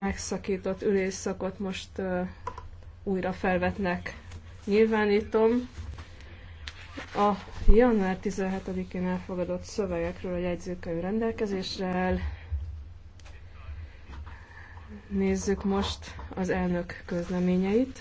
megszakított ülésszakot most uh, újra felvetnek. Nyilvánítom a január 17-én elfogadott szövegekről a jegyzőkönyv rendelkezésre el. Nézzük most az elnök közleményeit.